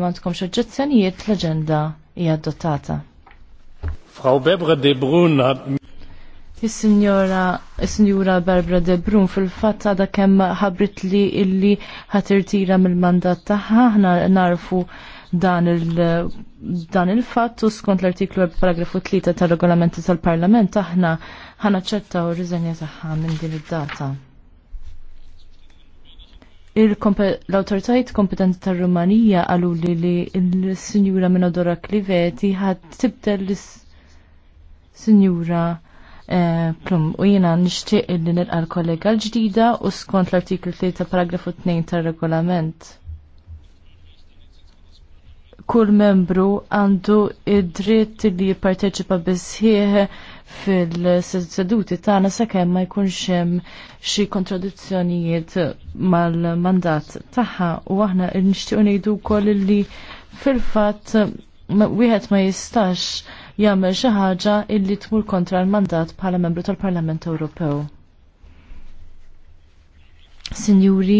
Għandkom xoġġezzjonijiet l-agenda hija adottata. Frau Bebra de Brun Is-sinjora, is-sinjura Barbara De Brun fil-fatt għada kemm ħabrit li illi ħatirtira mill-mandat tagħha aħna narfu dan il- dan il-fatt u skont l-artiklu paragrafu 3 tal-regolamenti tal-Parlament aħna ħana ċettaw riżenja tagħha minn din id-data l autoritajt kompetenti tar rumanija għalu li li l-Sinjura Minodora Kliveti ħad tibdel l-Sinjura eh, Plum u jena nishtiq li nilqa l-kollega l-ġdida u skont l-artiklu 3 paragrafu 2 tar regolament kull membru għandu id-dritt li jipparteċipa bisħieħ fil-seduti tagħna sakemm ma jkunx hemm xi kontradizzjonijiet mal-mandat tagħha u aħna nixtiequ ngħidu wkoll li fil-fatt wieħed ma jistax jagħmel xi ħaġa illi tmur kontra l-mandat bħala membru tal-Parlament Ewropew. Sinjuri,